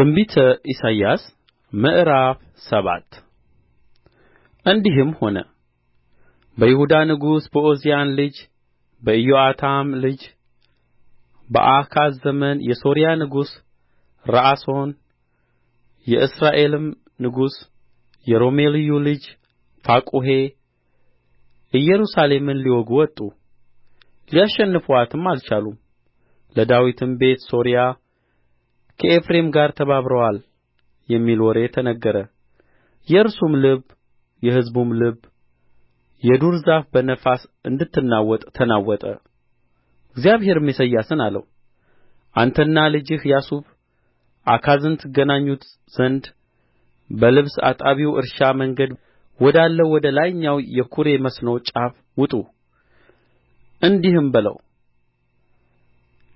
ትንቢተ ኢሳይያስ ምዕራፍ ሰባት እንዲህም ሆነ በይሁዳ ንጉሥ በዖዝያን ልጅ በኢዮአታም ልጅ በአካዝ ዘመን የሶርያ ንጉሥ ረአሶን የእስራኤልም ንጉሥ የሮሜልዩ ልጅ ፋቁሔ ኢየሩሳሌምን ሊወጉ ወጡ ሊያሸንፉአትም አልቻሉም ለዳዊትም ቤት ሶርያ ከኤፍሬም ጋር ተባብረዋል የሚል ወሬ ተነገረ የእርሱም ልብ የሕዝቡም ልብ የዱር ዛፍ በነፋስ እንድትናወጥ ተናወጠ እግዚአብሔርም ኢሳይያስን አለው አንተና ልጅህ ያሱብ አካዝን ትገናኙት ዘንድ በልብስ አጣቢው እርሻ መንገድ ወዳለው ወደ ላይኛው የኵሬ መስኖ ጫፍ ውጡ እንዲህም በለው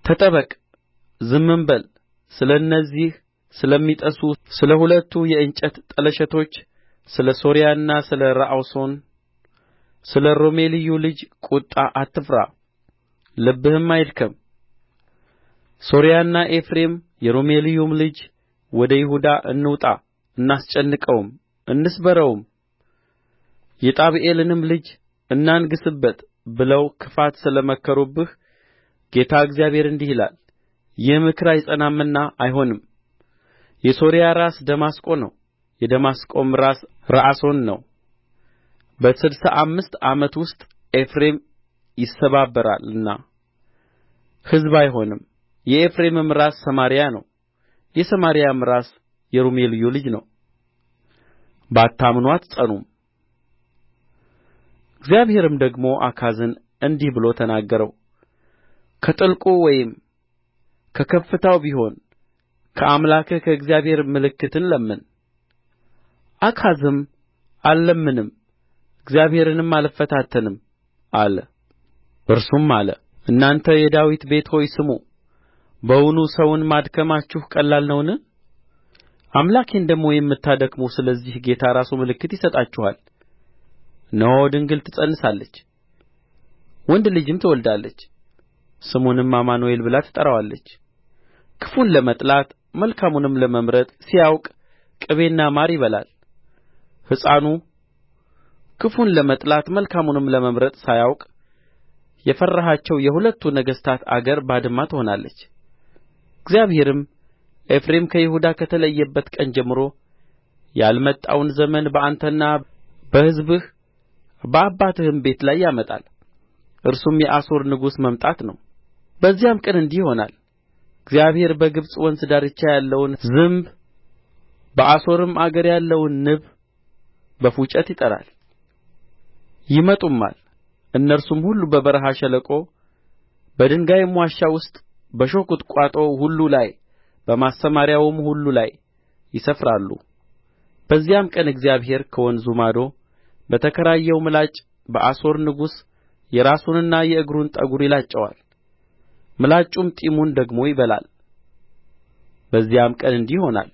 ተጠበቅ ዝምም በል ስለ እነዚህ ስለሚጤሱ ስለ ሁለቱ የእንጨት ጠለሸቶች ስለ ሶርያና ስለ ረአሶን ስለ ሮሜልዩ ልጅ ቍጣ አትፍራ ልብህም አይድከም ሶርያና ኤፍሬም የሮሜልዩም ልጅ ወደ ይሁዳ እንውጣ እናስጨንቀውም እንስበረውም የጣብኤልንም ልጅ እናንግሥበት ብለው ክፋት ስለ መከሩብህ ጌታ እግዚአብሔር እንዲህ ይላል ይህ ምክር አይጸናምና አይሆንም የሶርያ ራስ ደማስቆ ነው የደማስቆም ራስ ረአሶን ነው በስድሳ አምስት ዓመት ውስጥ ኤፍሬም ይሰባበራልና ሕዝብ አይሆንም የኤፍሬምም ራስ ሰማርያ ነው የሰማርያም ራስ የሮሜልዩ ልጅ ነው ባታምኑ አትጸኑም እግዚአብሔርም ደግሞ አካዝን እንዲህ ብሎ ተናገረው ከጥልቁ ወይም ከከፍታው ቢሆን ከአምላክህ ከእግዚአብሔር ምልክትን ለምን አካዝም አልለምንም እግዚአብሔርንም አልፈታተንም አለ እርሱም አለ እናንተ የዳዊት ቤት ሆይ ስሙ በውኑ ሰውን ማድከማችሁ ቀላል ነውን አምላኬን ደግሞ የምታደክሙ ስለዚህ ጌታ ራሱ ምልክት ይሰጣችኋል እነሆ ድንግል ትፀንሳለች ወንድ ልጅም ትወልዳለች ስሙንም አማኑኤል ብላ ትጠራዋለች ክፉን ለመጥላት መልካሙንም ለመምረጥ ሲያውቅ ቅቤና ማር ይበላል ሕፃኑ ክፉን ለመጥላት መልካሙንም ለመምረጥ ሳያውቅ የፈራሃቸው የሁለቱ ነገሥታት አገር ባድማ ትሆናለች እግዚአብሔርም ኤፍሬም ከይሁዳ ከተለየበት ቀን ጀምሮ ያልመጣውን ዘመን በአንተና በሕዝብህ በአባትህም ቤት ላይ ያመጣል እርሱም የአሦር ንጉሥ መምጣት ነው በዚያም ቀን እንዲህ ይሆናል እግዚአብሔር በግብጽ ወንዝ ዳርቻ ያለውን ዝምብ በአሦርም አገር ያለውን ንብ በፉጨት ይጠራል ይመጡማል እነርሱም ሁሉ በበረሃ ሸለቆ በድንጋይም ዋሻ ውስጥ በእሾህ ቍጥቋጦ ሁሉ ላይ በማሰማርያውም ሁሉ ላይ ይሰፍራሉ በዚያም ቀን እግዚአብሔር ከወንዙ ማዶ በተከራየው ምላጭ በአሦር ንጉሥ የራሱንና የእግሩን ጠጕር ይላጨዋል ምላጩም ጢሙን ደግሞ ይበላል በዚያም ቀን እንዲህ ይሆናል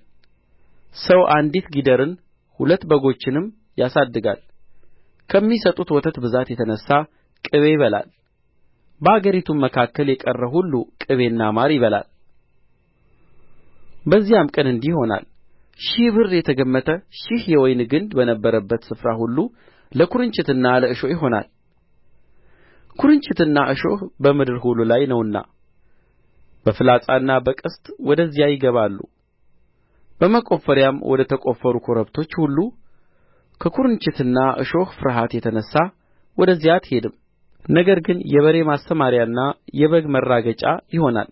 ሰው አንዲት ጊደርን ሁለት በጎችንም ያሳድጋል ከሚሰጡት ወተት ብዛት የተነሣ ቅቤ ይበላል በአገሪቱም መካከል የቀረ ሁሉ ቅቤና ማር ይበላል በዚያም ቀን እንዲህ ይሆናል ሺህ ብር የተገመተ ሺህ የወይን ግንድ በነበረበት ስፍራ ሁሉ ለኵርንችትና ለእሾህ ይሆናል ኵርንችትና እሾህ በምድር ሁሉ ላይ ነውና በፍላጻና በቀስት ወደዚያ ይገባሉ በመቈፈሪያም ወደ ተቈፈሩ ኮረብቶች ሁሉ ከኵርንችትና እሾህ ፍርሃት የተነሣ ወደዚያ አትሄድም ነገር ግን የበሬ ማሰማርያና የበግ መራገጫ ይሆናል